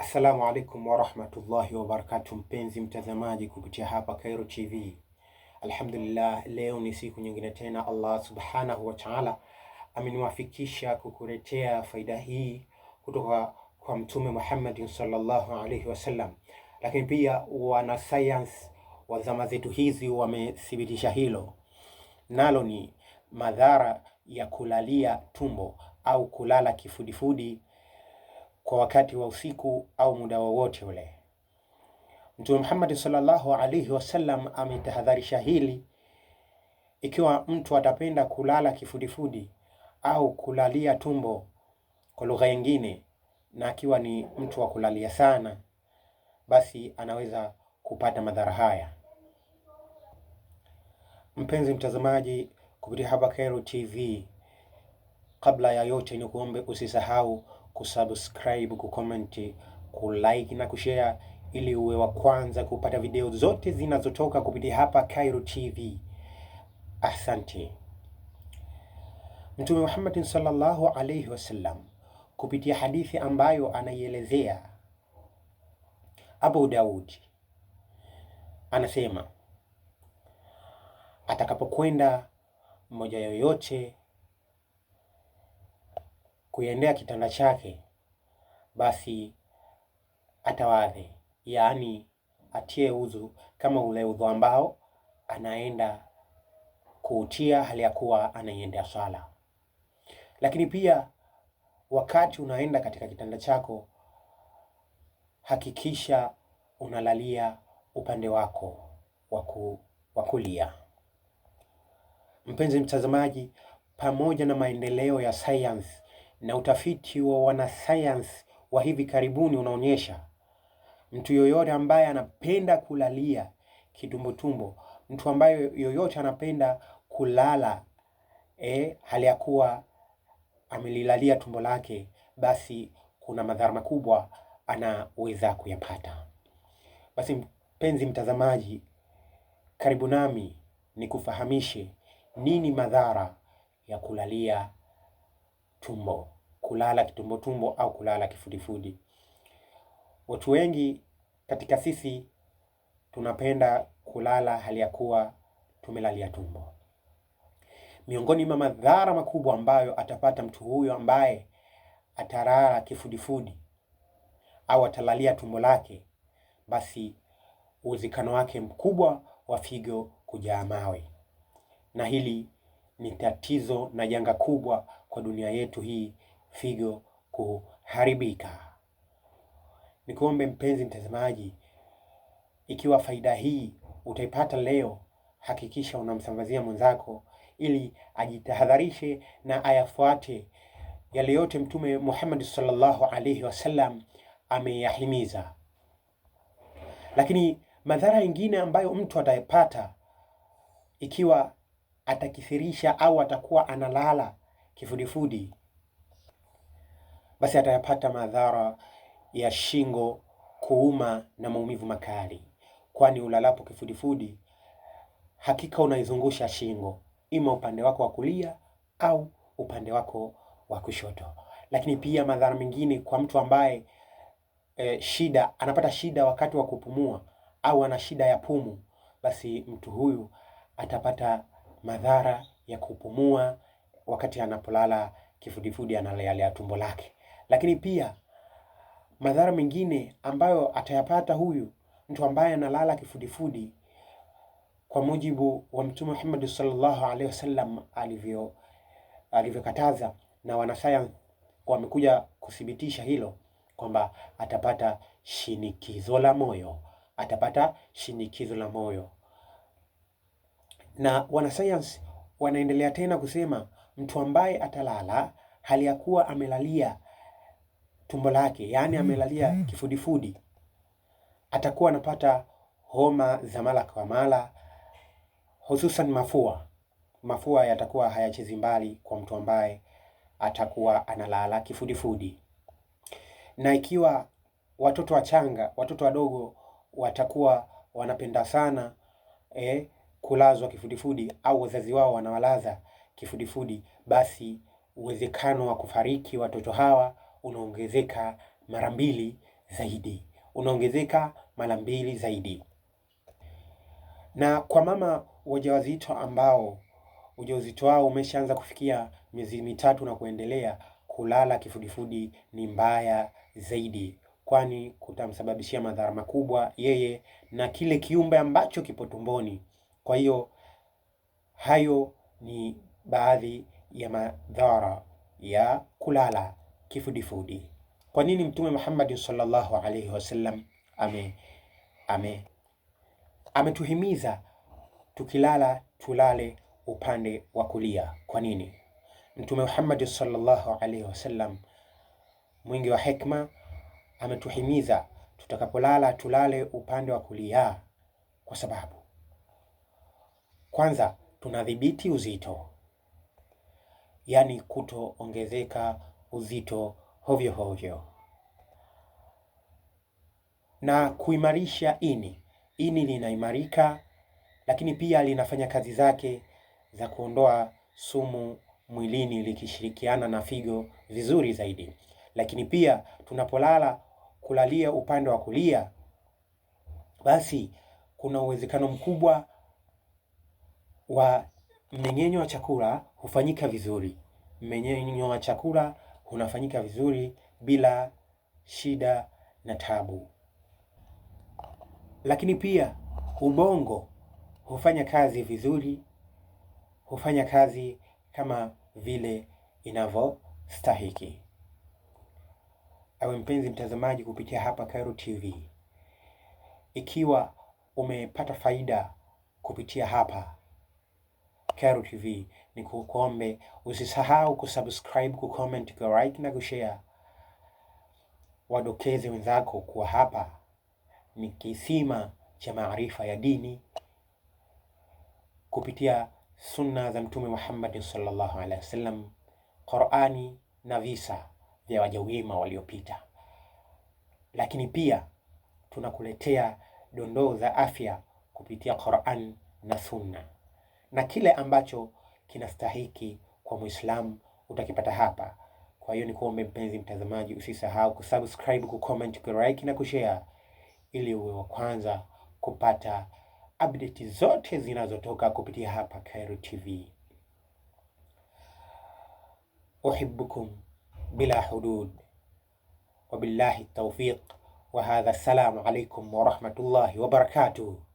Assalamu alaikum warahmatullahi wabarakatu, mpenzi mtazamaji kupitia hapa Khairo TV. Alhamdulillah, leo ni siku nyingine tena Allah subhanahu wa ta'ala ameniwafikisha kukuletea faida hii kutoka kwa Mtume Muhammadin sallallahu alaihi wasallam, lakini pia wanasayansi wa zama zetu hizi wamethibitisha hilo, nalo ni madhara ya kulalia tumbo au kulala kifudifudi kwa wakati wa usiku au muda wowote ule. Mtume Muhammad sallallahu alaihi wasallam ametahadharisha hili, ikiwa mtu atapenda kulala kifudifudi au kulalia tumbo kwa lugha nyingine, na akiwa ni mtu wa kulalia sana, basi anaweza kupata madhara haya. Mpenzi mtazamaji, kupitia hapa Khairo TV, kabla ya yote ni kuombe usisahau kusubscribe, kucomment, kulike na kushare ili uwe wa kwanza kupata video zote zinazotoka kupitia hapa Khairo TV. Asante. Mtume Muhammad sallallahu alayhi wasallam kupitia hadithi ambayo anaielezea Abu Daudi anasema atakapokwenda mmoja yoyote kuendea kitanda chake, basi atawadhe, yaani atie udhu kama ule udhu ambao anaenda kuutia hali ya kuwa anaiendea swala. Lakini pia wakati unaenda katika kitanda chako, hakikisha unalalia upande wako wa kulia. Mpenzi mtazamaji, pamoja na maendeleo ya sayansi na utafiti wa wanasayansi wa hivi karibuni unaonyesha mtu yoyote ambaye anapenda kulalia kitumbotumbo, mtu ambaye yoyote anapenda kulala e, hali ya kuwa amelilalia tumbo lake, basi kuna madhara makubwa anaweza kuyapata. Basi mpenzi mtazamaji, karibu nami nikufahamishe nini madhara ya kulalia tumbo kulala kitumbotumbo au kulala kifudifudi. Watu wengi katika sisi tunapenda kulala hali ya kuwa tumelalia tumbo. Miongoni mwa madhara makubwa ambayo atapata mtu huyo ambaye atalala kifudifudi au atalalia tumbo lake, basi uwezekano wake mkubwa wa figo kujaa mawe, na hili ni tatizo na janga kubwa kwa dunia yetu hii figo kuharibika. Nikuombe mpenzi mtazamaji, ikiwa faida hii utaipata leo, hakikisha unamsambazia mwenzako ili ajitahadharishe na ayafuate yale yote Mtume Muhammad sallallahu alaihi wasallam ameyahimiza. Lakini madhara mengine ambayo mtu atayapata ikiwa atakithirisha au atakuwa analala kifudifudi basi atayapata madhara ya shingo kuuma na maumivu makali, kwani ulalapo kifudifudi hakika unaizungusha shingo, ima upande wako wa kulia au upande wako wa kushoto. Lakini pia madhara mengine kwa mtu ambaye e, shida anapata shida wakati wa kupumua au ana shida ya pumu, basi mtu huyu atapata madhara ya kupumua wakati anapolala kifudifudi, analealea tumbo lake. Lakini pia madhara mengine ambayo atayapata huyu mtu ambaye analala kifudifudi, kwa mujibu wa Mtume Muhammad sallallahu alaihi wasallam alivyo alivyokataza, na wanasayansi wamekuja kuthibitisha hilo kwamba atapata shinikizo la moyo, atapata shinikizo la moyo. Na wanasayansi wanaendelea tena kusema mtu ambaye atalala hali ya kuwa amelalia tumbo lake, yaani mm, amelalia mm. kifudifudi, atakuwa anapata homa za mara kwa mara, hususan mafua. Mafua yatakuwa hayachezi mbali kwa mtu ambaye atakuwa analala kifudifudi. Na ikiwa watoto wachanga, watoto wadogo watakuwa wanapenda sana eh, kulazwa kifudifudi au wazazi wao wanawalaza kifudifudi, basi uwezekano wa kufariki watoto hawa unaongezeka mara mbili zaidi, unaongezeka mara mbili zaidi. Na kwa mama wajawazito ambao ujauzito wao umeshaanza kufikia miezi mitatu na kuendelea, kulala kifudifudi ni mbaya zaidi, kwani kutamsababishia madhara makubwa yeye na kile kiumbe ambacho kipo tumboni. Kwa hiyo hayo ni baadhi ya madhara ya kulala kifudifudi. Kwa nini Mtume Muhammad sallallahu alaihi wasallam ame ame ametuhimiza tukilala tulale upande wa kulia? Kwa nini Mtume Muhammad sallallahu alaihi wasallam mwingi wa hekma ametuhimiza tutakapolala tulale upande wa kulia? Kwa sababu kwanza tunadhibiti uzito, yaani kutoongezeka uzito hovyo hovyo na kuimarisha ini. Ini linaimarika, lakini pia linafanya kazi zake za kuondoa sumu mwilini likishirikiana na figo vizuri zaidi. Lakini pia tunapolala, kulalia upande wa kulia, basi kuna uwezekano mkubwa wa mmeng'enyo wa chakula hufanyika vizuri. Mmeng'enyo wa chakula unafanyika vizuri bila shida na tabu. Lakini pia ubongo hufanya kazi vizuri, hufanya kazi kama vile inavyostahiki. awe mpenzi mtazamaji, kupitia hapa Khairo TV, ikiwa umepata faida kupitia hapa Khairo TV ni kukombe, usisahau kusubscribe, kucomment, ku na kushare. Wadokeze wenzako kuwa hapa ni kisima cha maarifa ya dini kupitia sunna za Mtume Muhammad sallallahu alaihi wasallam, Qur'ani na visa vya waja wema waliopita. Lakini pia tunakuletea dondoo za afya kupitia Qur'an na sunna na kile ambacho kinastahiki kwa Muislamu utakipata hapa. Kwa hiyo ni kuombe mpenzi mtazamaji, usisahau kusubscribe, kucomment, kulike na kushare ili uwe wa kwanza kupata update zote zinazotoka kupitia hapa Khairo TV. Uhibbukum bila hudud wabillahi tawfiq wa hadha. Assalamu alaikum warahmatullahi wabarakatuh.